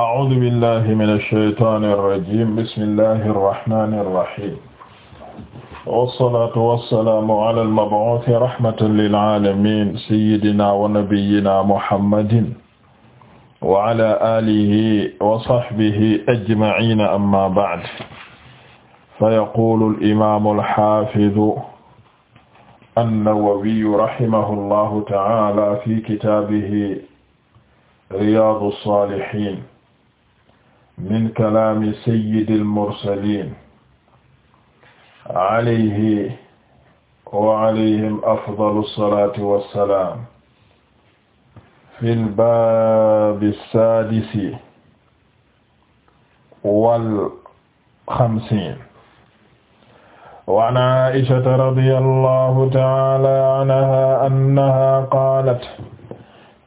a'uuzu billahi mina shaytaani rajiim bismillahi rahmaani rahiim. wassalaatu wassalaamu ala al-mab'uuthi rahmatan lil-'aalamiin sayyidinaa wa nabiyyinaa muhammadin wa ala aalihi wa sahbihi ajma'iin amma ba'd. fayaquulu al-imaamu al-haafidu an-nawawiyyu rahimahullaahu ta'aalaa fi kitaabihi riyaadu s-saalihiin. min kalaami sayyidil mursaliin alayhi wa alayhim afdalu salaati wa salaam fil baabi saadisi wal xamsiin wa an Aa'ishata radiyallaahu ta'aalaa anhaa annahaa qaalat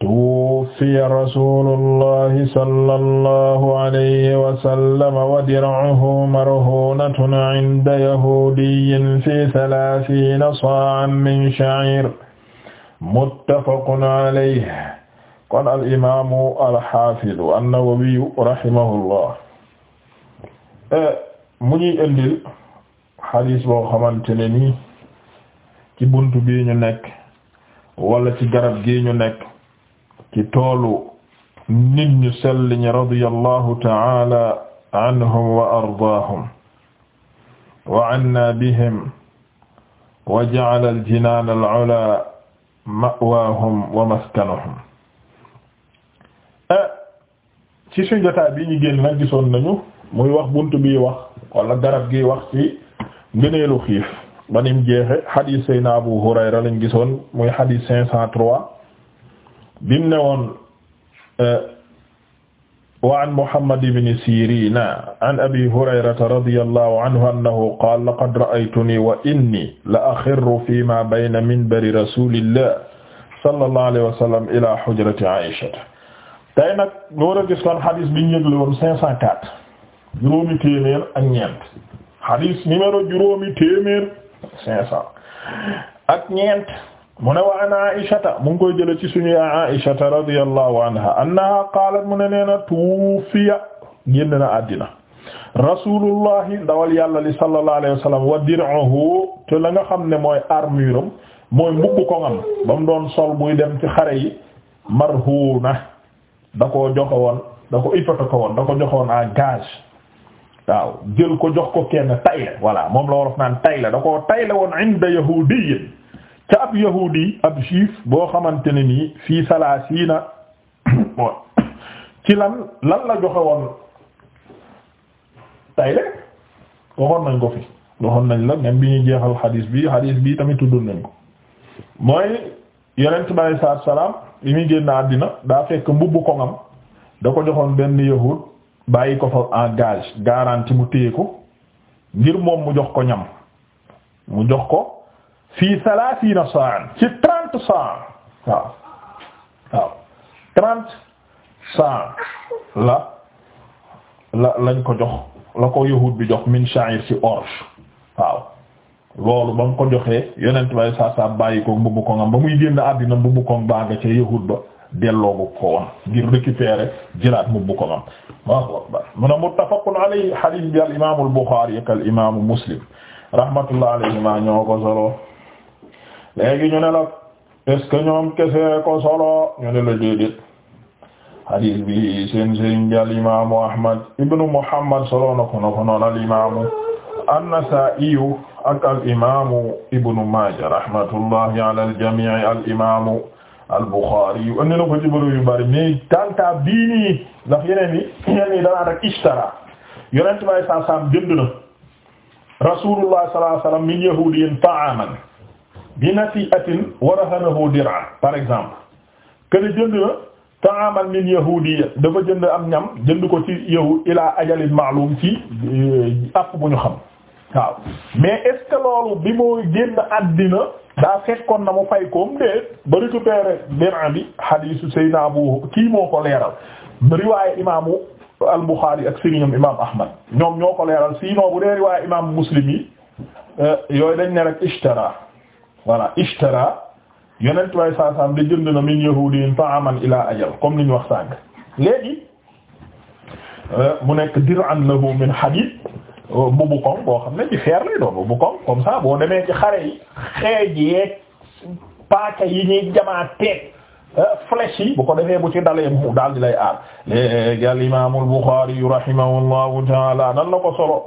tuwuffiya rasuulullahi sallallahu alayhi wa sallam wa dir'uhu marhuunatun 'inda yahuudiyyin fi thalaathiina saa'an min sha'iir muttafaqun alayhi kon al-imaamu al-haafidu an-nawawiyyu rahimahullah mu ñuy indil xadiis boo xamante ne nii ci buntu bii ñu nekk wala ci garab gii ñu nekk. ci toolu nit ñu sell ñi radiyallahu ta'ala anhum wa ardaahum wa anna bihim wa ja'ala al-jinaan al-'ulaa ma'waahum wa maskanahum eh, ci suñu jotaay bi ñu génn nag gisoon nañu muy wax bunt bi wax wala garab gi wax ci ngëneelu xiif banim jeexe xadiis sayna Abu Hurayra lañ gisoon muy xadiis cinq cent trois bim ne woon eh, wa an Muhammad ibn Sirin an Abi Hurayrata radiyallahu anhu annahu qaala laqad ra'aytuni wa inni la axirru fiima bayna minbari rasulillah sallallahu alayhi wa sallam ila hujrati Aisha tey nag ñu war a gis lan xadis bi ñu yëgle woon cinq cent quatre juróomi téeméer ak ñeent xadis numéro juróomi téeméer cinq cent ak ñeent mu ne wa an aishata mu koy jële ci suñu yaa aishata radiyallahu anha annaha qaalat mu ne nee tuufiya génn na àddina rasulullahi ndawal yàlla li sallallahu alayhi wa sallam te la nga xam ne mooy armure am mooy mbubb ko ngam ba mu doon sol buy dem ci xare yi marhuuna da ko joxe woon da ko ippata ko woon ko joxe woon à gage waaw jël ko jox ko kenn tay la voilà moom la wolof naan tay da ko tay woon inda yahudiyin ca ab yahudi ab juif boo xamante ne nii fii salaasiina ci lan lan la joxe woon tay le waxoon nañ ko fi waxoon nañ la même bi ñuy jeexal xadiis bi xadiis bi tamit tuddoon nañ ko mooy yonent bi alayhi salaatu salaam li muy génn àddina daa fekk mbubb ko ngam da ko joxoon benn yahud bàyyi ko fa en gage garantie mu téye ko ngir moom mu jox ko ñam mu jox ko fii salaasiina sa'an ci trente sa'an waaw waaw trente sa'an la la lañ ko jox la ko yahuud bi jox min sha'ir ci orge waaw loolu ba nga ko joxee yonent bay saa saa bàyyi ko mbubb ko ngam ba muy génn àddina mbubb ko baa nga ca yahuud ba delloogu ko woon ngir récupérer jëlaat mbubb ko ngam mun a muttafaqun alayhi hadiis bi al imaamul Buxaari ak al imaamu Muslim rahmatullah alayhima ñoo ko solo léegi ñu ne la est-ce que kese ko solo ñu ne la déedéet bi seen sëriñ bi al imaamu Ahmad ibnu Muhammad solo na ko na ko noon al imaamu an-Nasaa'i al imaamu ibnu Maaja rahmatullahi al jamii al imaamu al Buxaari yu andi na ko ci bërëb yu bari mais tanta bii nii ndax yeneen yi yeneen yi danaa rek Rasulullah min yahuudiyyin ta'aaman bi nasi'atin a rahanahu dir'an par exemple kene jënd na ta'aman min yahudiyya dafa jënd am ñam jënd ko ci yahud ila ajalin ma'lum ci eh, app bu ñu xam waaw mais est ce loolu bi moo génn àddina daa fekkoon na mu fay koom dee ba récupérer dir'an bi hadiisu kii moo ko leeral riwaaye imaamu al-Bukhari ak sëriñam imam Ahmad ñoom ñoo ko leeral sinon bu dee riwaaye imam Muslim yi eh, yooyu dañ ne rek ishtara voilà ishtara yonent way saasaam de jënd na min yahudiin ta'aman ila ajal comme niñ wax sànq léegi euh, mu nekk dir'an lahu min hadid bubu euh, koŋ boo xam ne ci feer lay doon bubu koŋ comme ça boo demee ci xare yi xeej yeeg paaka yi ñuy jamaa teeg euh, flèche yi bu ko defee bu ci dalee mu daal di lay aar léegi al imaamul Buxaari rahimahullahu taala nan la ko solo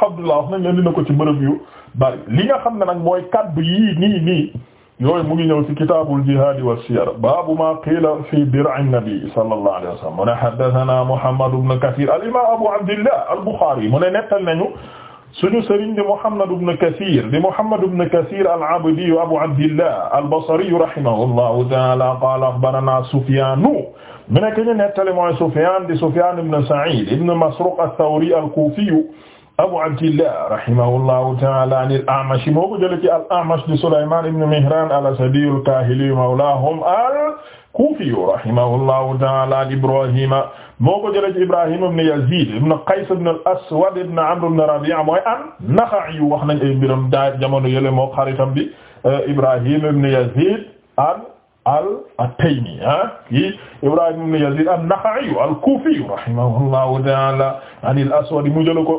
Abdullah wax nañ leen dina ko ci bërëb yu bari li nga xam ne nag mooy kaddu yii nii nii yooyu mu ngi ñëw ci kitaabul jihaad wa siyar baabu maa qiila fii dir'in nabi sallallahu alayhi wa sallam mu ne haddathanaa Muhammad ibn Kathir al-imaam Abu Abdillah al-Bukhari mu ne nettal nañu suñu sëriñ di Muhammad ibn Kathir di Muhammad ibn Kathir al-Abdi Abu Abdillah al-Basri rahimahullahu ta'ala qaala akhbaranaa Sufyaan mu nekk ñu nettali mooy Sufyaan di Sufyaan ibn Sa'id ibn Masruq ath-Thawri al-Kufi Abu Abdillah rahimahullahu ta'ala an al-A'mash moo ko jëlee ci al-A'mash di Sulaymaan ibn Mihraan al-Asadi al-Kaahili mawlaahum al-Kuufi rahimahullahu ta'ala an Ibraahiim moo ko jëlee ci Ibraahiim ibn Yaziid ibn Qays ibn al-Aswad ibn Amr ibn Rabi'a mooy an-Naxa'i wax nañ ay mbiram daa jamono yële moo xaritam bi Ibraahiim ibn Yaziid al-Taymi kii Ibraahiim ibn Yaziid an-Naxa'i al-Kuufi rahimahullahu ta'ala an al-Aswad mu jëlee ko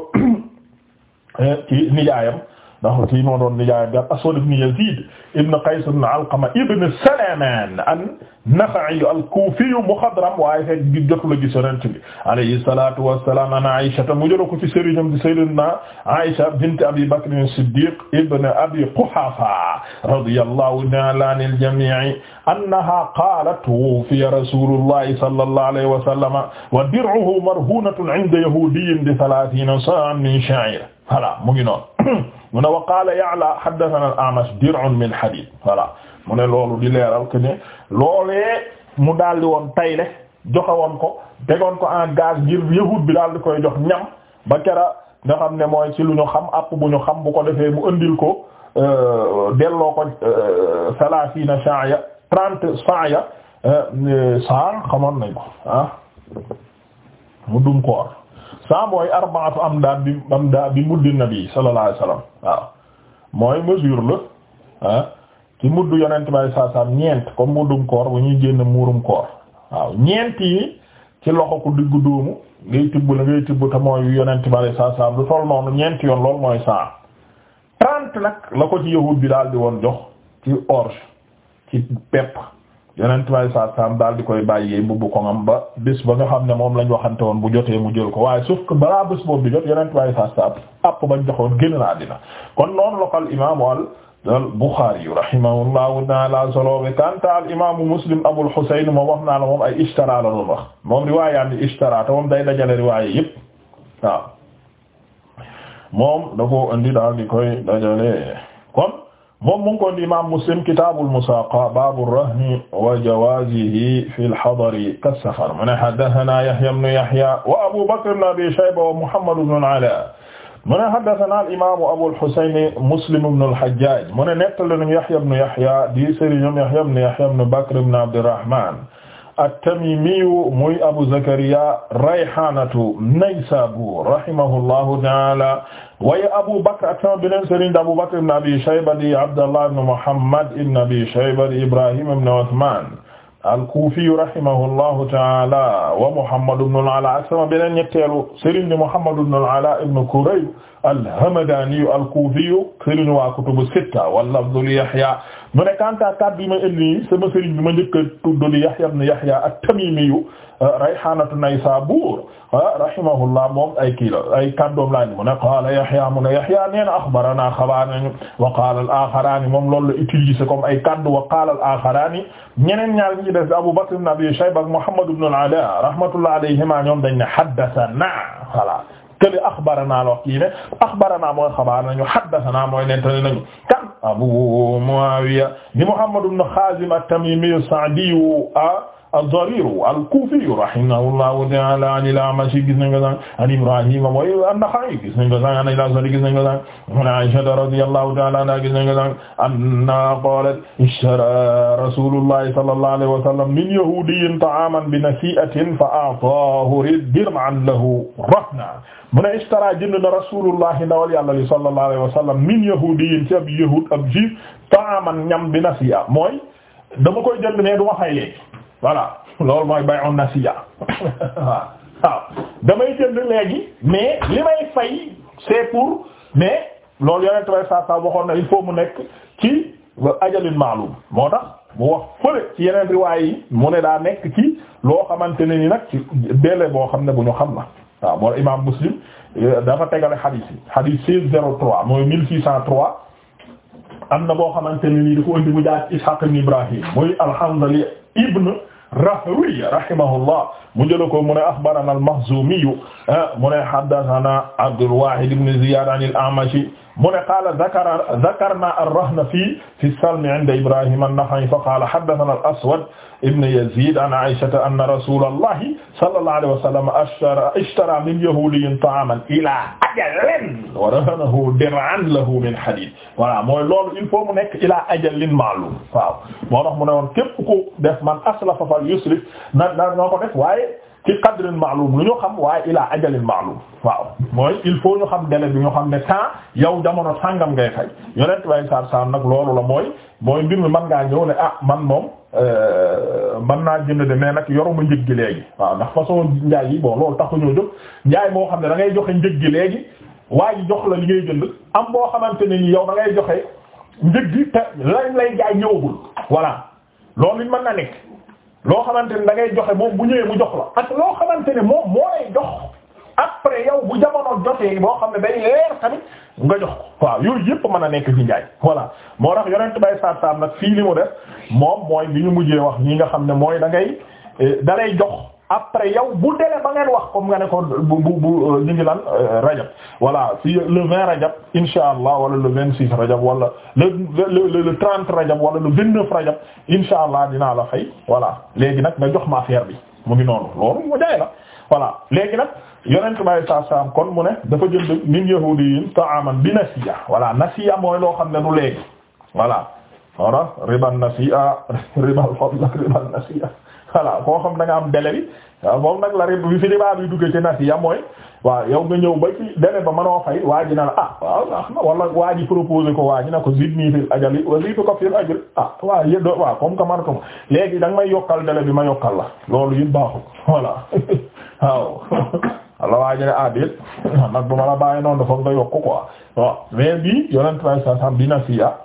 Eh, ci nijaayam ndax kii moo doon nijaayam bi Aswad ibn Yazid ibn Qays ibn Alqama ibn Salaman an-Naxa'i al-Kufi muxadram waaye fekk gi jotul a gis Yonent bi alayhi salaatu wa salaam an Aïcha mu jëloon ko ci sëriñam di Sayyidatuna Aïcha bint Abi Bakr as-Siddiq ibn Abi Quhafa radiyallahu ta'ala anil jami' annaha qaalat tuwuffiya rasuulullahi sallallahu alayhi wa sallam wa dir'uhu marhuunatun 'inda yahudiyyin bi thalaathiina saa'an min shaa'ir voilà mu ngi noonu mu ne wa qaala Ya'la haddathana al-A'mash dir'un min hadid voilà mu ne loolu di leeral que ne loolee mu daldi di woon tayle joxe woon ko tegoon ko en gaz ngir yahud bi daal di koy jox ñam ba kera nga xam ne mooy ci lu ñu xam app bu ñu xam bu ko defee bu andil ko euh, delloo ko euh, salaasiina sha'ya trente sha'ya euh, saa xamoon nañ ko ah mu dum koor saa mooy arbaatu amdaad bi amdaad bi muddi nabi sallallahu alayhi waaw mooy mesure la ah ci muddu yonent bi saa saa ñeent comme muddum koor bu ñuy génn muurum koor waaw ñeent yi ci loxo ku diggu dóomu ngay tibb la ngay tibb te mooy yonent bi saa saa lu toll noonu ñeent yoon lool mooy saa trente nag la ko ci yahut bi daal di woon jox ci orge ci pepp yeneen tubaab yi saa saam daal di koy bàyyee mbubb ko ngam ba bés ba nga xam ne moom lañ waxante woon bu jotee mu jël ko waay sauf que balaa bés boobu di jot yeneen tubaab yi saa saam àpp bañ joxoon génn na àddina kon noonu la ko al imaamu al Buxaari rahimahullahu ta'ala solo bi kanta al imaamu Muslim Abul Husayn moom wax naa la moom ay ishtara la doon wax moom riwaayaan di ishtara te moom day dajale riwaay yëpp waaw moom da koo moom mu ngi ko di imaam Muslim kitaabul musaaqa baabu rahni wa jawaazihi fil hadari kas-safar mu ne haddasanaa Yahyaa ibnu Yahyaa wa Abuu Bakr ibnu Abii Shayba wa Muhammad ibnul Alaa mu ne haddasanaa al-imaamu Abul Husayn Muslim ibnul Hajjaaj mu ne nettali nañu Yahyaa ibnu Yahyaa di sëriñam Yahyaa ibnu Yahyaa ibnu Bakr ibnu Abdirrahmaan at-Tamimiyu muy Abu Zakariya Rayhanatu Naysabur rahimahullahu ta'ala waaye Abu Bakr ak sama beneen sëriñ Abu Bakr ibn Abi Shayba di Abdallah ibn Muhammad ibn Abi Shayba di Ibrahim ibn Uthman al-Kufiyu rahimahullahu ta'ala wa Muhammad ibn al-Ala ak sama beneen ñetteelu sëriñ di Muhammad ibn al-Ala ibn Kurayb al-Hamdani al-Kufi sëriñu waa kutubu sitta wal-lafzu li Yahya mu ne kanta kat bi ma indi sama sëriñ bi ma njëkk a tudd li Yahya ibn Yahya at-Tamimi rayhanatu Naysabur rahimahullah moom ay kii la ay kaddoom laa ni mu ne qaala Yahya mu ne Yahya nee na akhbarana xabaar nañu wa qaala al-akharani moom loolu la utilisé comme ay kaddu wa qaala al-akharani ñeneen ñaar ñi des Abu Bakr ibn Abi Shayba ak Muhammad ibn al-Ala rahmatullah alayhima ñoom dañ ne haddathana voilà kële axbaranaa la wax kii ne axbaranaa mooy xabaar nañu haddasanaa mooy nettali nañu kan Abu Muawiya di Muhammad ibn Xaazim at-Tamimi as-Sa'di ah, ad-Dariir al-Kuufi rahimahullahu ta'aala an al-A'mash gis nañ ko sax an Ibraahiim mooy an-Naxa'i gis nañ ko sax an al-Asadi gis nañ ko sax an Aysha radiyallahu ta'aala anhaa gis nañ ko sax annahaa qaalat ishtara rasuulullahi sallallahu alayhi wa sallam min yahudiyyin ta'aaman bi nasii'atin fa a'taahu dir'an lahu rahna mu ne ishtara jënd na rasuulullahi ndawal yàlla li sallallahu alayhi wa sallam min yahudiyyin ci ab yahuud ab juif ta'aaman ñam bi nasii'a mooy dama koy jënd ne du ma fay léegi voilà loolu mooy bay on nasiya waaw waaw damay jënd léegi mais li may fay c'est pour mais loolu yonent bay saa saa waxoon na il faut mu nekk ci ajalin maalum moo tax mu wax fële ci yeneen riwaay yi mu ne daa nekk ci loo xamante ne ni nag ci délai boo xam ne bu ñu xam na waaw moo imam Muslim eh, dafa tegale xadiis yi xadiis 1603 mooy 1603 am na boo xamante ne nii da ko indi mu jaar Ishaq ibn Ibrahim muy al-Hanzali ibn Rahwiya rahimahullah mu jëla ko mu ne akhbarana al-Makhzumi ah, mu ne haddathana Abdul Wahid ibn Ziyad an al-A'mash mu ne qaala zakara zakarna ar-rahna fii fi salmi inda Ibrahim an-Nakha'i fa qaala haddathana al-Aswad ibn Yazid an Aysata anna rasulallahi sallallahu alayhi wa sallam ashtara ishtara min yahudiyyin ta'aman ila ajalin wa rahanahu dir'an lahu min hadid voilà mooy loolu il faut mu nekk ila ajalin ma'lum waaw moo tax mu ne woon képp ku def man aslafa falyuslif na na noo ko def waaye ci qadrin maalum lu ñu xam waaye ilaa ajalin maalum waaw mooy il faut ñu xam délai bi ñu xam ne temps yow jamono sàngam ngay fay yonent way sar sam nag loolu la mooy mooy mbir mi mën ngaa ñëw ne ah man moom euh, man naa jënd de mais nag yoruma njëg gi léegi waaw ndax façon njaay yi bon loolu taxuñoo jóg njaay moo xam ne da joxe njëg gi léegi waaye jox la li ngay jënd am boo xamante ni yow da ngay joxe njëg gi te lañ lay jaay ñëwagul voilà loolu it mën na nekk loo xamante ne da ngay joxe moom bu ñëwee mu jox la ak loo xamante ne moom moo lay jox après yow bu jamono jotee boo xam ne day leer tamit nga jox ko waaw yooyu yëpp mën a nekk ci njaay voilà moo tax yonent bay saab saab nag fii li mu def moom mooy li ñu mujjee wax ñi nga xam ne mooy da ngay eh, da jox après yow bu dele ba ngeen wax comme nga ne ko bu bu bu euh, ñu ngi lan euh, rajab voilà si le 20 rajab insha allah wala le 26 rajab wala le le le 30 rajab wala le 29 rajab insha allah dinaa la fay voilà léegi nag nga jox ma affaire bi mu ngi noonu loolu mu jaay la voilà léegi nag yonent bi sallallahu alayhi wasallam kon mu ne dafa jënd min yahudiyin ta'aman bi nasiya voilà nasiya mooy loo xam ne du léegi voilà wala riban nasiya ribal fadl ribal nasiya voilà koo xam da nga am délai bi moom nag la rib bi fi riba bi duggee ci nasiya mooy waaw yow nga ñëw ba ci délai ba mënoo fay waa ji na la ah wala waa ji proposé ko waa ji na ko zidni fil ajali wa zidka fil ajri ah waaw yéen waaw comme que man ko léegi da nga may yokkal bi ma yokkal la loolu yëpp baaxul voilà waaw. wala waa ji ne ah déet nag bu ma la bàyyi noonu dafa nga yokk quoi waaw mais bii yonent trois cent dina ah,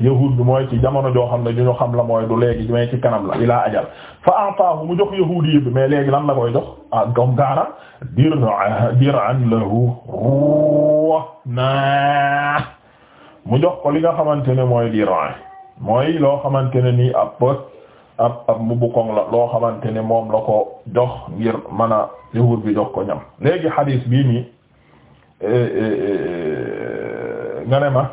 yahud bi mooy ci jamono joo xam ne du xam la mooy du léegi mais ci kanam la ilaa ajal fa a'taahu mu jox yahudi bi mais léegi lan la koy jox ah comme diir dir diran lahu ruwa jox ko li nga xamante ne mooy diran mooy loo xamante ne nii ab ab ab mbubu koŋ la loo xamante ne moom la ko jox ngir mën a bi jox ko ñam léegi hadis bii nii eh, eh, eh, nga ne ma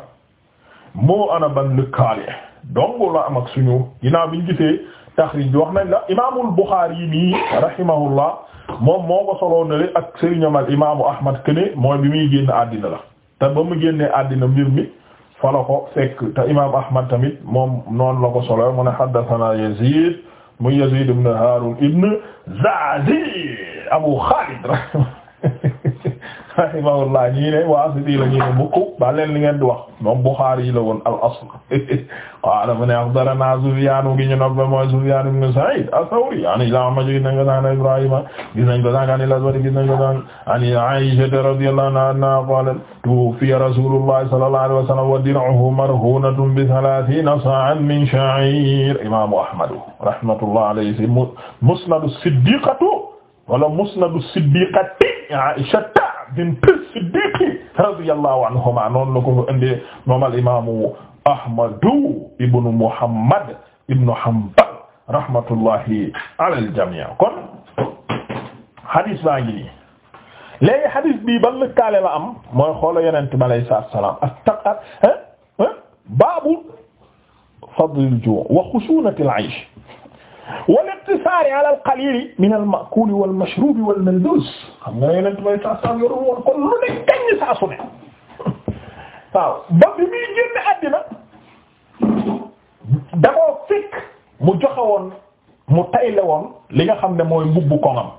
moo ana ban lëkkaale donc la am ak suñu ginnaaw biñ gisee taxrij wax nañ la imaamul Buxaari yi nii rahimahullah moom moo ko soloo na le ak sëriñam al imaamu Ahmad Kene mooy bi muy génn àddina la te ba mu génnee àddina mbir mi fa la ko fekk te imaam Ahmad tamit moom noonu la ko solo mu ne haddathana Yazid mu Yazid ibn Harun ibn Zazi Abu Khalid rahimahullah ñii ne waasiti la ñii ne mukk ba leen li ngeen di wax moom Buxaari yi la woon al asl qaala mu ne axbarana Sufyaan gi ñu nobbe mooy Sufyaan ibn Sa'iid as-Sawri an al-A'mash gis nañ ko sànq Ibraahiima gis nañ ko sànq an al-Aswad gis nañ ko sànq an Aysata radiyallahu anha qaalat tuwuffiya rasuulullahi sallallahu alayhi wa sallam wa dir'uhu marhuunatun bi thalaathiina saa'an min sha'iir imaamu Ahmad rahmatullahi alayhi musnadu siddiqatu wala musnadu siddiqati Aysata bint siddiqi radiyallahu anhuma noonu la ko indee moom al imaamu ahmadu ibnu muhammad ibnu hanbal rahmatullahi ala al jamii kon hadis baa ngi nii léegi hadis bii ban lëkkaale la am mooy xoola yonent bi alayhi salaatu wa salaam ak taqat baabu fadlil juu' wa xushuunatil aysh wal iqtisaari ala al qalili min al ma'kuli wal mashrubi wal malbus xam nga yeneen may sa sam yoru woon kon lu ne kañ saa su ne waaw ba bi muy génn mu joxe woon mu tayle woon li nga xam ne mooy mbubbu koŋam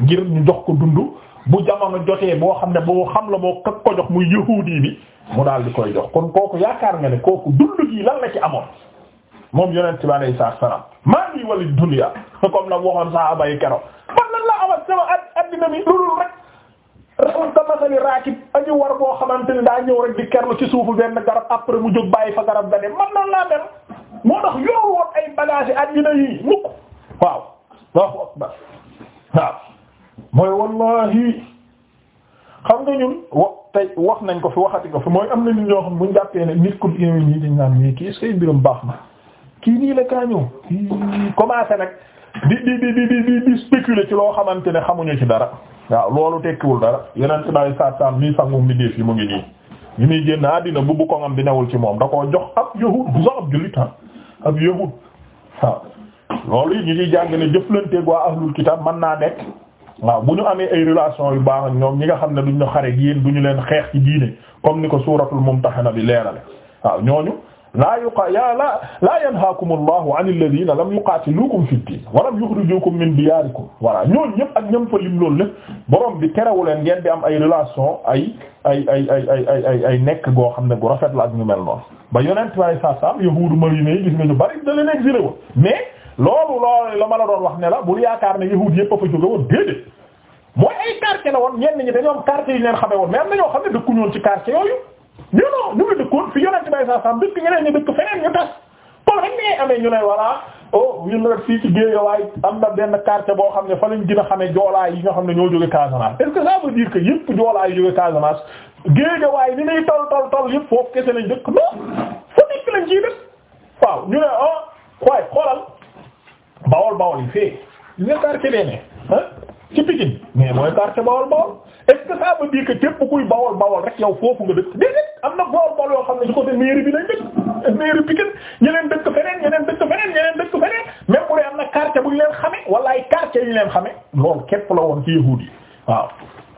ngir ñu jox ko dund bu jamono jotee boo xam ne boo xam la boo ko jox muy yahuudi bi mu daal di koy jox kon kooku yaakaar nga ne kooku dund gi lan la ci amoon moom yonent bi alayhi salaam maa ngi wali dunya comme la waxoon saaba yi keroog man lan la amal sama addina mi lu dul rek raw tamasali raakib añu war boo xamante ne daa ñëw rek di kerlu ci suufu benn garab après mu jóg bàyyi fa garab dane man noonu laa mel moo tax yoor woon ay bagage yi addina yi mukk waaw Allahu akbar wax nañ ko fi waxati ko fi mooy am na nit ñoo xam buñ jàppee ne nit ku ñëwee nii dañ naan mii mbirum baax na kii nii la kaa ñëw commencé nag di di di di di spéculer ci loo xamante ne xamuñu ci dara waaw loolu tekkiwul dara yeneen ci yu saat saam nii sangum mi def yi mu ngi nii ñu muy génn àddina bu bu koŋam bi newul ci moom da koo jox ab yahud bu sax ab jullit ah, ab yahud waaw loolu yi ñu ngi jàng ne jëflanteeg waa ahlul kitab mën naa nekk waaw bu ñu amee ay relation yu baax ak ñoom ñi nga xam ne duñ ñu xare yéen du ñu leen xeex ci diine comme ni ko suuratul mumtahana bi leerale waaw laa yuqa ya la laa yanhaakum allahu an alladina lam yuqaatilukum fi ddin wa lam yukhrijukum min diyaarikum voilà ñooñu ñëpp ak ñam fa lim loolu lépp borom bi terewu leen ngeen di am ay relation ay ay ay ay ay nekk goo xam ne gu rafet la ak ñu mel noonu ba yonent way sa sam yahuudu Madina yi gis nga ñu bari da leen woon mais loolu loolu la ma la doon wax ne la bul yaakaar ne yahuud yëpp a fa jóge woon déedéet mooy ay quartier la woon ñenn ñi dañoo quartier yi ñu leen woon mais ne dëkkuñu woon ci quartier ñu non ñu ngi dëkkoon fi yonent bay saa sam dëkk ñeneen ñu dëkk feneen ñu tas kon rek ngay amee ñu ne voilà oh ñu ne fii ci Guédiawaye am na benn quartier boo xam ne fa lañ gën a xamee joolaay yi nga xam ne ñoo jóge Casamance est-ce que ça veut dire que yëpp joolaay yi jóge Casamance Guédiawaye ni nay tol tol tol yëpp foofu kese lañ dëkk non fa nekk lañ ciy waaw ñu ne ah waaye xoolal bawol bawol yi fii ñu ne quartier bee ne ah ci Pikine mais mooy quartier Bawol Bawol est-ce que ça veut dire que képp kuy Bawol Bawol rek yow foofu nga dëkk am na Bawol Bawol yoo xam ne ci côté mairie bi lañ dëkk mairie Pikine ñeneen dëkk feneen ñeneen dëkk feneen ñeneen dëkk feneen même bu dee am na quartier bu ñu leen xame wala ay quartier yu ñu leen xame loolu képp la woon ci yahuud yi waaw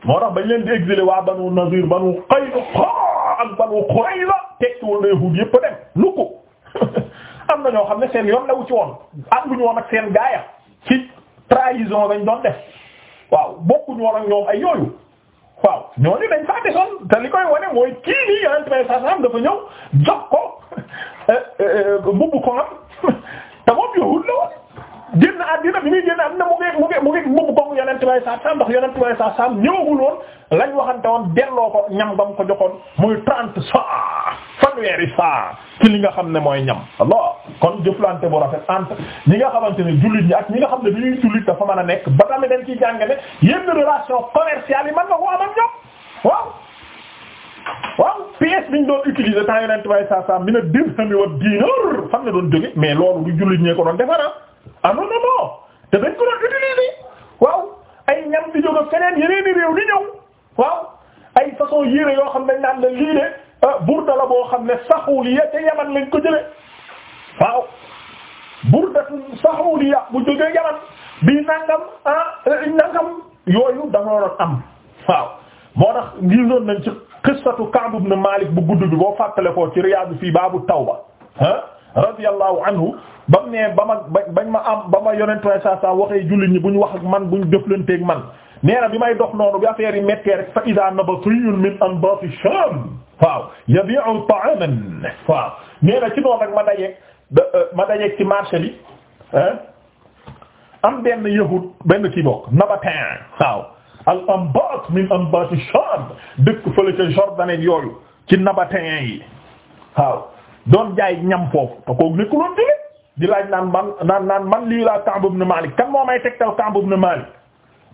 moo tax bañ leen di exilé waa Banu Nadir Banu Qaynuqa ak Banu Qurayza tekkiwul na yahuud yépp dem lu ko am na ñoo xam ne seen yoon lawu ci woon ànduñu woon ak seen gaaya ci trahison dañ doon def waaw bokkuñu woon ak ñoom ay yooyu waaw ñooñu dañ faa desoon te li koy wane mooy kii nii yonent bay sasam dafa ñëw jox ko eh, eh, mbubb ko am te moom yowul la woon génn àddina bi muy génn àddina mu ngi mu ngi mu ngi mbubb ko yonent bay sasam ndax yonent bay sasam ñëwagul woon lañ waxante woon delloo ko ñam bam ko joxoon muy trente cent fanweeri saa ci li nga xam ne mooy ñam Allah kon jëflante boo rafet entre ñi nga xamante ne jullit ñi ak ñi nga xam ne dañuy jullit dafa man a nekk ba tamit dañ ciy jàng ne yenn relation commerciale yi man na ko amal ñoom waaw waaw pièce biñ doon utiliser temps yonent bay saa a mi na dirham wa dinar fan la doon jóge mais loolu du jullit ñee ko doon defara ah, ah non non te dañ ko doon utiliser waaw ay ñam di jóge feneen yeneen i réew di ñëw waaw ay façon yére yoo xam ne dañ naan la Ah, burda la boo xam ne saxuliya te yaman lañ ko jële waaw burdatu saxuliya bu jógee yaman bii nangam ah eh, nangam yooyu da nga am waaw moo tax gisoon nañ ci qissatu Ka'b ibn Malik bu gudd bi boo fàttale ko ci Riyaad fii baabu tawba ah radiyallahu anhu ba mu ne ba ma bañ ma am ba ma yonent saa saa waxee jullit bu ñu wax ak man bu ñu jëflanteeg man. nee bi may dox noonu bi affaire yi méttee rek fa min anbati sham waaw yabi'u ta'aman waaw ci noonu rek ma dajeeg euh, ci marché bi am benn yahud benn kii bokk nabatin waaw al anbat min anbati sham dëkk fële ca Jordanie yooyu ci nabatin yi waaw doon jaay ñam foofu te kooku nekkuloon di laaj naan man naan naan man lii laa Ka'b ibn Malik kan moo may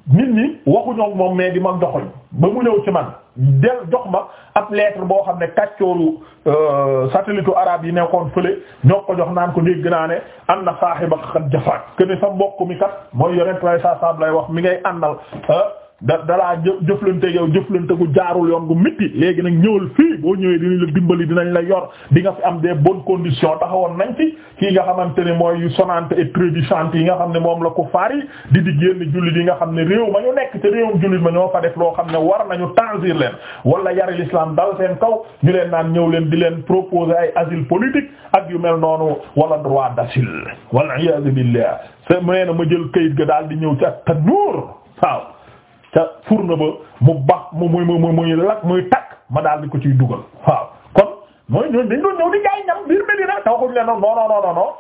nit ñi waxuñoo moom mais di ma joxoñ ba mu ñëw ci man del jox ma ak lettre boo xam ne kàccooru euh, satellite u arabe yi nekkoon fële ñoo ko jox naan ko dégg naa ne am na saaxiba xat jafaat que ne sa mbokk mi kat mooy yonent lay sa sab lay wax mi ngay àndal euh, da dalaa jëflante yow jëflante gu jaarul yoon gu mitti léegi nag ñëwal fii boo ñëwee dinañ la dimbali dinañ la yor di nga fi am de des bonnes conditions taxawoon nañ ci kii nga xamante ne mooy sonnante et trébuchante yi nga xam ne moom la ko faar yi di di génn jullit yi nga xam ne réew ma ñu nekk te réewum jullit ma ñoo fa def loo xam ne war nañu tanzir leen wala yari l'islam dal seen kaw ñu leen naan ñëw leen di leen proposer ay asile politique ak yu mel noonu wala droit d'asile wal iyaazu billah sa mu na ma jël kayit ga daal di ñëw ci ak tannuur waaw ca fourneau ba mu bax mu muy muy muy lakk muy takk ma daal di ko ciy dugal waaw kon mooy ñoom dañ doon ñëw di jaay ñam biir Medina taw ko ñu leen non non non non non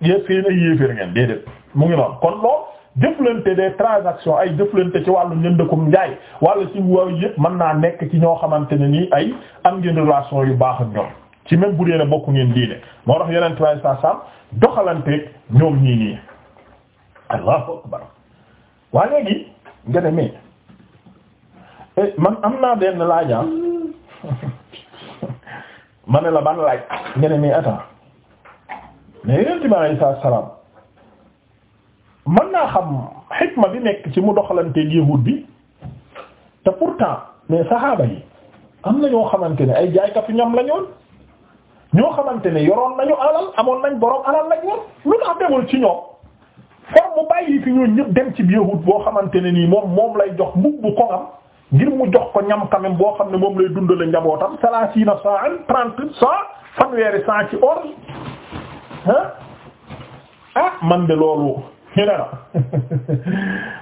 yéen yéeféer ngeen déedéet mu ngi noonu kon loolu jëflante des transactions ay jëflante ci wàllu njëndakum njaay wala ci woowu yëpp mën naa nekk ci ñoo xamante ne nii ay am ngeen relation yu baax ak ñoom ci même bu dee ne bokk ngeen diine moo tax yeneen trois cent cent doxalanteeg ñoom ñii nii Eh, man am naa benn laaj ah. ma ne la ban laaj nga ne mais attends mais yonent bi alayhi salaam mën naa xam xikma bi nekk ci mu doxalanteeg yahud bi te pourtant mais saxaaba am na ñoo xamante ne ay jaaykatu ñam la ñoon ñoo xamante ne yoroon nañu alal amoon nañ borom alal lañ woon lu tax demul ci ñoom forme mu bàyyi fi ñoom ñëpp dem ci yahud boo xamante ne nii moom moom lay jox mbub bu ko am ngir mu jox ko ñam quand boo xam ne moom lay dundale njabootam salaasina sa'an trente cent fanweeri cent ci or ah man de loolu ñu ne la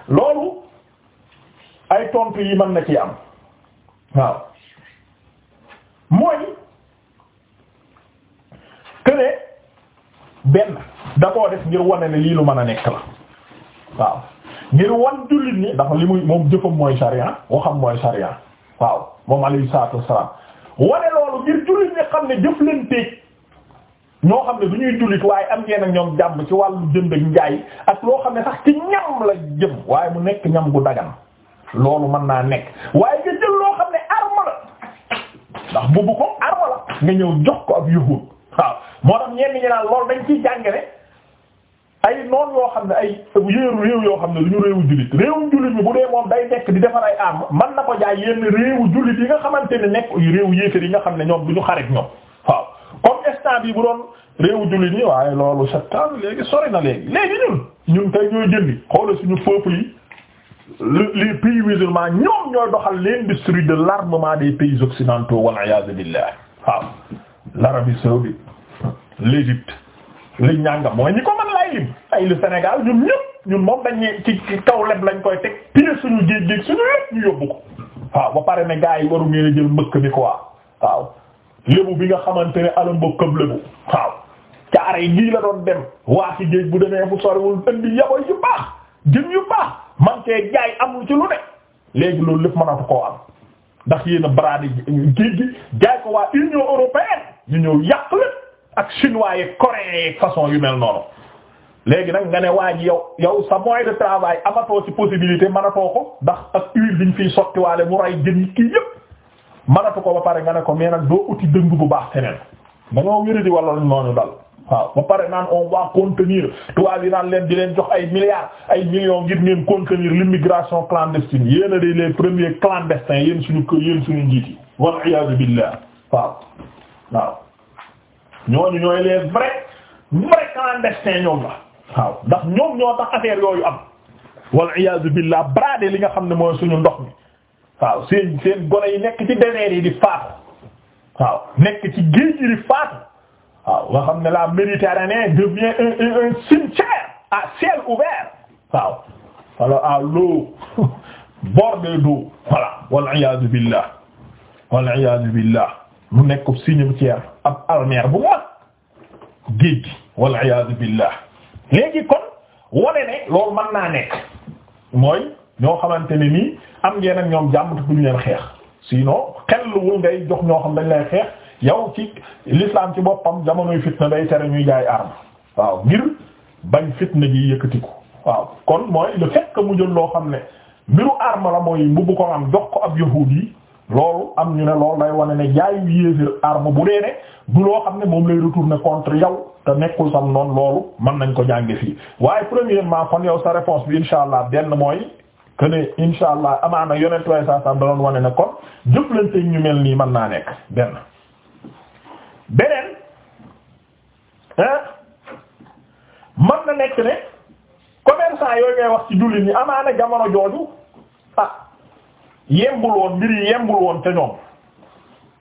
loolu ay tontu yi mën na ci am waaw mooy que ne benn da def ngir wane lii lu mën a nekk la waaw. ngir wan jullit ñi ndax li muy moom jëfam mooy sharia waxam mooy sharia waaw moom alayhi salaatu wassalaam wane loolu ngir jullit ñi xam ne jëflanteeg ñoo xam ne du ñuy jullit waaye am ngeen ak ñoom jàmm ci wàllu jënd ak njaay ak loo xam ne sax ci ñam la jëm waaye mu nekk ñam bu dagan loolu mën naa nekk waaye nga jël loo xam ne arme la ndax boobu ko arme la nga ñëw jox ko ak yahud waaw moo tax ñenn ñi naan loolu dañ ciy jàngale ay noon yoo xam ne ay yéeru réew yoo xam ne duñu réewu jullit réewu jullit bi bu dee moom day nekk di defar ay arme man na ko jaay yenn réewu jullit yi nga xamante ne nekk réewu yéefar yi nga xam ne ñoom bu ñu xarit ñoom waaw comme instant bi bu doon réewu jullit yi waaye loolu septembre léegi sori na léegi léegi ñun ñun tey ñooy jëndi xoolal suñu peuple yi les pays musulmans ñoom ñooy doxal l'industrie de l'armement des pays occidentaux wal iyaazu billah waaw l'Arabie saoudite l'Égypte li ñàngam mooy ñi ko mën Chine ay le Sénégal ñun ñëpp ñun moom dañ ci ci kaw leb lañ koy teg pire suñu géej géej suñu lépp ñu yóbbu ko waaw ba pare ne gars yi waru ngeen a jël mbëkk mi quoi waaw lébu bi nga xamante ne ala mbëkkam lébu waaw caare yi la doon dem waa ci géej bu demee fu soriwul indi yaboy yu baax jën yu baax man kee jaay amul ci lu ne léegi loolu lépp mënatu koo am ndax yéen a baraadi géej gi jaay ko waa Union européenne ñu ñëw yàq lépp ak chinois yi coréens yi yu mel noonu léegi nag nga ne waa ji yow yow sa moyen de travail amatoo ci possibilité mënatoo ko ndax ak bi ñu fiy sottiwaale mu ray jën yi kii yëpp mënatu ko ba pare nga ne ko mais nag doo uti dëng bu baax feneen dañoo wéradi wala lañ noonu dal waaw ba pare naan on va contenir tubaab yi naan leen di leen jox ay milliards ay millions ngir ngeen contenir l'immigration clandestine yéen a day les premiers clandestins yéen suñu kër yéen suñu njiit yi wal iyaazu billah waaw ndax ñoom ñoo tax affaire yooyu am wal iyaazu billah li nga xam ne mooy suñu ndox mi waaw seen seen yi nekk ci désert yi di faatu waaw nekk ci géej gi di faatu waaw nga xam ne la Méditerranée devient un un un cimetière ciel ouvert waaw wala à l'eau bordée d'eau voilà wal iyaazu billah wal nekk cimetière ab armère bu mag géej gi wal iyaazu léegi kon wone ne loolu mën naa nekk mooy ñoo xamante ni nii am ngeen ak ñoom jàmm te duñ leen xeex sinon xelluwul ngay jox ñoo xam dañ lay xeex yow ci l'islam ci boppam jamonoy fitna day tere ñuy jaay arme waaw ngir bañ fitna ji yëkkatiku waaw kon mooy le fait mu jël loo xam ne mbiru arme la mooy mbubb ko am jox ko ak yahuud yi loolu am ñu ne loolu day wane ne jaayu yéefir arme bu dee ne du loo xam ne moom lay retourner contre yow te nekkul sam noonu loolu mën nañ ko jànge fii waaye premièrement kon yow sa réponse bi insha allah benn mooy que insha allah amaana yonent waaye saa saa danoon wane ne kon jëflanteeg ñu mel nii mën naa nekk benn beneen mën na nekk ne commerçant yooyu ngay wax ci jullit ñi amaana jamono jooju ah, yembul woon mbir yi yembul woon te ñoom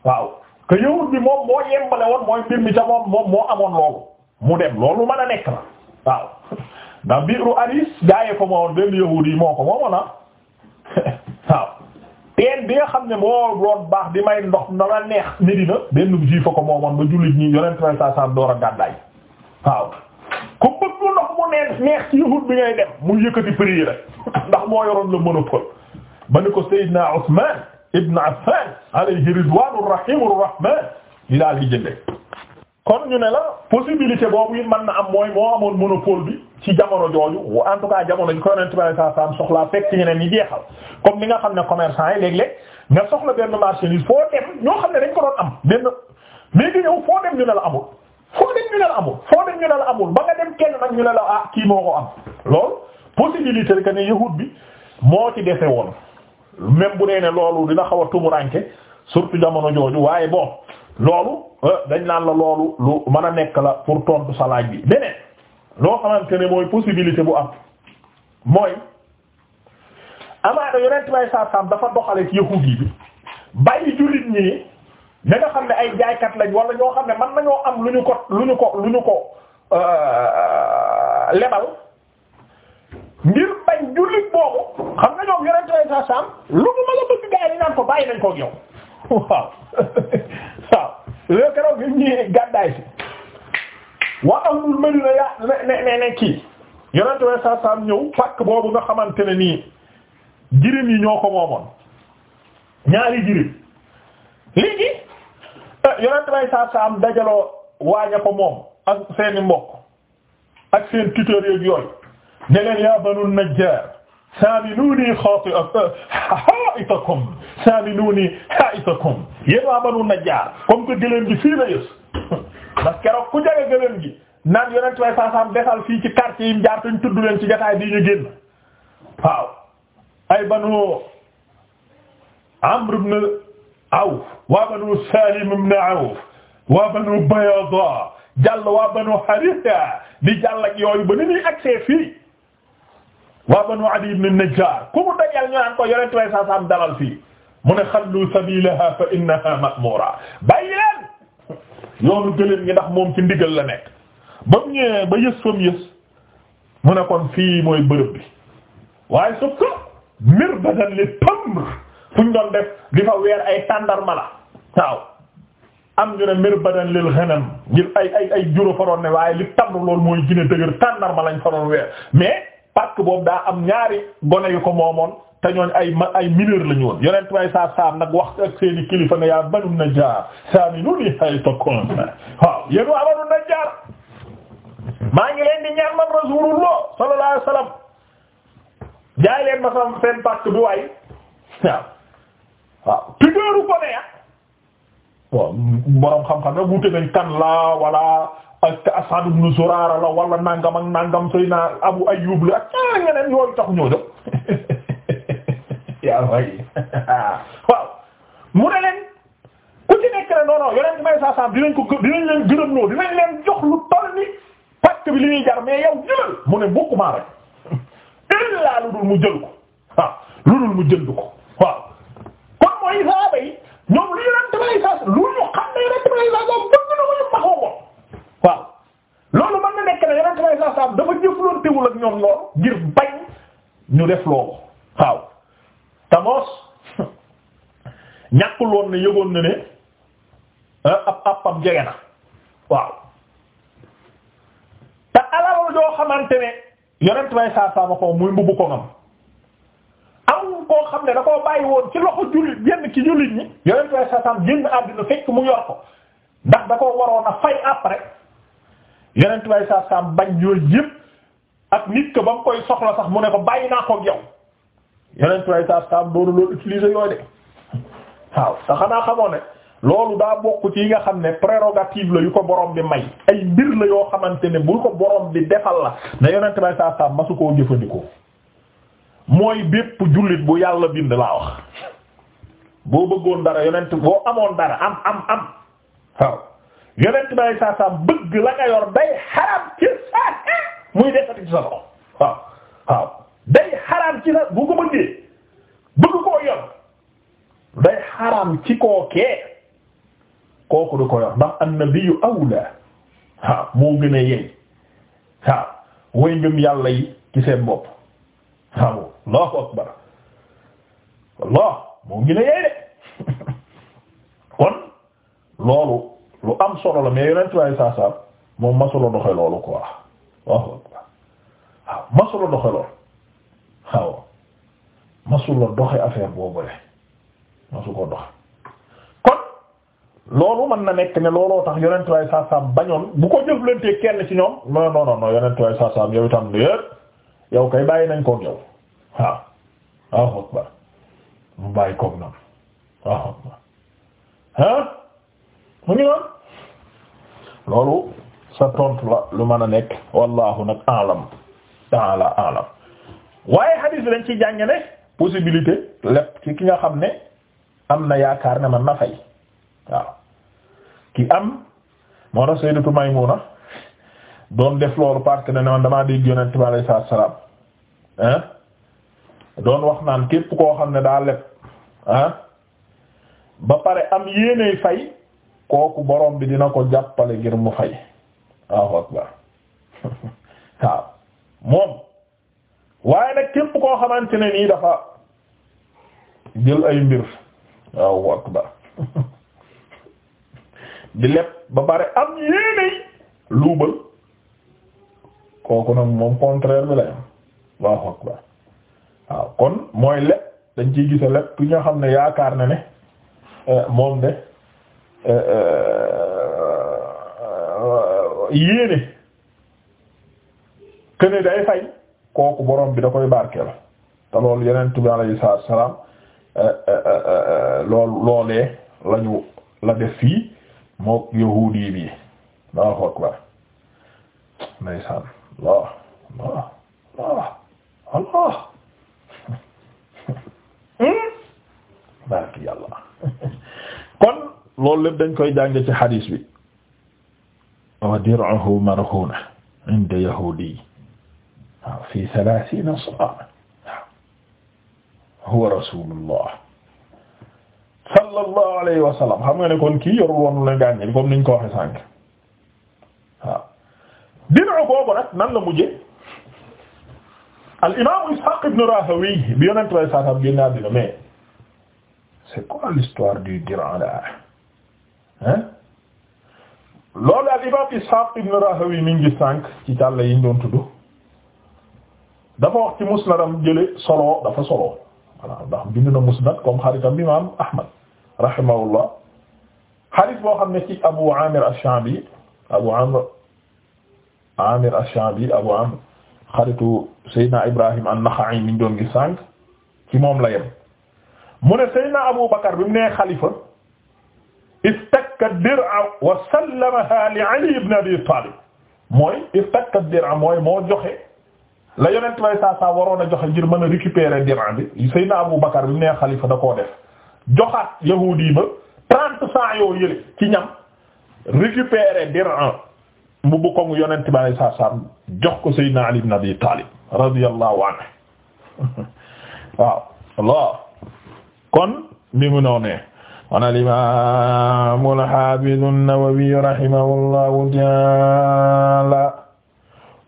waaw que yawut bi moom moo yembale woon mooy mbir mi ca moom moom moo amoon loolu mu dem loolu man a nekk la waaw ndax biiru aris gaaye ko moom benn yahudi yi moo ko moomoon ah waaw teen bi nga xam ne moo doon baax di may ndox na la neex Medina benn juif ko moomoon ba jullit ñi yonent trois cent cent door a gàddaay waaw ku bëgg mu ndox mu neex ci yahut bi ngay dem mu yëkkati prix rek ndax moo yoroon le monopole ba ni ko Seydina Usmaan ibn Affaan alayhi ridwaanu rahiimu rahmaan li daal di jënde kon ñu ne la possibilité boobu it mën na am mooy moo amoon monopole bi ci jamono jooju en tout cas jamono ji ko Yonent bi sallallahu alayhi wasallam soxlaa fekk ñeneen ñi jeexal comme ni nga xam ne commerçant yi léeg-léeg nga soxla benn marchandise foo dem ñoo xam ne dañ ko doon am benn mais di ñëw foo dem ñu ne la amul foo dem ñu ne la amul ba nga dem kenn nag ñu ne la ah kii moo ko am loolu possibilité ne yahud bi moo ci defe woon même bu nee ne loolu dina xaw a tumuranke surtout jamono jooju waaye boo loolu euh, dañ naan la loolu lu mën a nekk la pour tontu sa laaj bi beneen loo xamante ne mooy possibilité bu am mooy amaana yonent bay saasam dafa doxale ci yahuud yi bi bàyyi jullit ñi ne nga xam ne ay jaaykat lañ wala ñoo xam ne man nañoo am lu ñu ko lu ñu ko lu ñu ko euh, lebal ngir bañ jullit boobu xam nga ñoom yore traité à sàmm lu mu mën a bëgg gaa yi ko bàyyi nañ koog yow waaw waaw léegi keroog ñu ngi gàddaay si waa ahlul Madina yaa ne ne ne kii yore traité à sàmm ñëw pàcc boobu nga xamante ne nii jirim yi ñoo ko moomoon ñaari jirim léegi yore traité à sàmm dajaloo waaña ko moom ak seeni mbokk ak seen tuteur yeeg yooyu. ne leen yaa banu najjaar saaminuuni haa'itakum saaminuuni haa'itakum yéen waa banu najjaar comme que gëléem gi fii la yës ndax keroog ku jege gëléem gi naan yonent way saasaam fii ci quartier yi mu jaar tuñ tudd leen ci jotaay bi ñu génn waaw ay banu Amr ibn Awf waa banu Salim ibn Awf waa banu Bayaada jàll waa banu Haritha di jàll ak yooyu ba ni ñuy agsee waa banu Adi ibn Najjar ku mu dajal ñu naan ko yore tray sa sam dalal fii mu ne xallu sabilaha fa innaha ma'mura bàyyi leen yoonu gëléen gi ndax moom ci ndigal la nekk ba mu mu ne kon fii mooy bërëb bi waaye suuf ko mirbadan li tamr fu ñu doon def di fa weer ay tàndarma la waaw am ñu ne mirbadan lil ghanam ngir ay ay ay juro faroon ne waaye li tamr loolu mooy gine dëgër tàndarma lañ faroon weer mais parce boobu daa am ñaari gone yu ko moomoon te ñooñ ay ay mineur woon yonent way sa saam nag wax ak seeni kilifa ne yaa banu najjar saaminuni haytakum waaw yéen waa banu najjar maa ngi leen di ñaan man rasulullah sallallahu alayhi wasallam leen ma sam seen pàcc bi waay waaw waaw tuddeeru ko ne ah bon borom xam-xam nag wuute nañ kan la wala ak Asad ibn Zurara la wala nangam ak nangam Seyna Abu Ayyub la ak ah ñeneen yooyu tax ñoo jóg yaa way waaw mu ne leen ku ci nekk ne non non yonent may saa saam dinañ ko dinañ leen gërëm loo dinañ leen jox lu toll ni pacte bi li ñuy jar mais yow jëlal mu ne bokkuma rek illaa lu dul mu jël ko waaw lu dul mu jënd ko waaw kon mooy saaba yi ñoom lu yonent may saa lu ñu xam ne yonent may saa saam bëgg na ko ñu maxoo ko waaw loolu mën na nekk ne yeneen trois cent saabu dafa jëfloon teewul ak ñoom lool ngir bañ ñu def loolu waaw tamoos ñàkkul woon ne yëgoon na ne ah, ab appam jege na waaw te alal joo xamante ne yeneen trois cent muy mbubu ko ngam am koo xam ne da koo bàyyi woon ci loxo jullit yenn ci jullit ñi yeneen trois cent àddina fekk mu yor ko ndax da koo waroon a fay après. yeneen tubaab saa saa bañ yooyu yëpp ak nit ko ba mu koy soxla sax mu ne ko bàyyi naa ko ak yow yeneen tubaab saa saa doonu loolu utiliser yooyu de waaw te xanaa xamoo ne loolu daa bokk ci yi nga xam ne prérogative la yu ko borom bi may ay mbir la yoo xamante ne bu ko borom bi defal la ne yonent bay saa saa masu koo jëfandikoo mooy bépp jullit bu yàlla bind laa wax boo bëggoon dara yonent boo amoon dara am am am waaw yonent bay saa saa bëgg la nga yor day xaram ci saa muy defati ci sa loxo waaw waaw day xaram ci sa bu ko bëggee bëgg koo yor day xaram ci kookee kooku du ko yor ndax annabiyyu awla waaw moo gën a yey waaw way ngëm yàlla yi ci seen bopp waaw allahu akbar wallah moo gën a yey de kon loolu lu am solo la mais yonent waaye saa saa moom masula doxe loolu quoi waaw waaw masula doxe loolu waaw masula doxe affaire boobu le masu ko doxe kon loolu mën na nekk ne looloo tax yonent waaye saa saa bañoon bu ko jëflantee kenn ci ñoom non non non yonent yow itam léer yow kay bàyyi nañ koog yow waaw waaw waaw mu bàyyi koog noonu waaw waaw mu ngi noonu loolu sa tontu la lu mën a nekk wallahu nag alam taala alam waaye hadith lañ ci jàng ne possibilité lépp ci ki nga xam ne am na yaakaar ne man na fay waaw ki am moo tax Sayyidatu Maymuna doon def loolu parce na ne man damaa dégg Yonent bi alayhi salaam ah doon wax naan képp koo xam ne daa leb ah ba pare am yéenay fay. kooku borom bi dina ko jàppale ngir mu fay waaw akbar waaw moom waaye nag képp koo xamante ne nii dafa jël ay mbir waaw akbar di leb ba bare am yéenay luubal kooku nag moom contraire bi lay waaw akbar waaw kon mooy leb dañ ciy gisa leb ki nga xam ne yaakaar na ne eh, moom de Euh, euh, euh, yéene këne day fay kooku borom bi da koy barkeel te loolu yonent bi alayhi salaam loolu loolee lañu la def fii mook yahuudi bi naa xoot ba ndeysaan Allah Allah Allah Allah hmm? barki loolu lépp dañ koy jànge ci xadiis bi wa dir'uhu marhuna inda yahudi waaw fi thalathina saa huwa rasulullah sallallahu alayhi wa sallam xam nga ne kon kii yorul woon la gàññel comme niñ ko waxe sànk waaw dir'u boobu nag nan la mujje al imam ishaq ibn rahawi bi yonent way saatam génnaa dina mais c'est quoi l'histoire du dir'a loolu al imam Ishaq ibn Rahawi mi ci tàlla yi ñu doon tudd dafa wax ci musnadam jële solo dafa solo ndax bind na musnad comme xaritam bi imam Ahmad rahimahullah xarit boo xam ne ci Abu Amr Amir ash Abu Amr xaritu Seydina Ibrahim an-Nakha'i mi doon gis ci moom la mu ne Seydina Abu Bakar bi mu nee xalifa iftakka dir'a wa sallamaha li Ali ibn Abi Talib mooy iftakka dir'a mooy moo joxe la yonent way saa saa waroon a joxe ngir mën a récupérer dir'a bi Seydina Abu Bakar bi nee xalifa da koo def joxaat yahuudi ba trente cent yoo yële ci ñam récupérer dir'a mu bu ko yonent bi saa saa jox ko Seydina Ali ibn Abi Talib radiyallahu anhu waaw Allah kon mi mu noonee qaala al-imaam al-haafiz an-Nawawi rahimahullahu ta'aala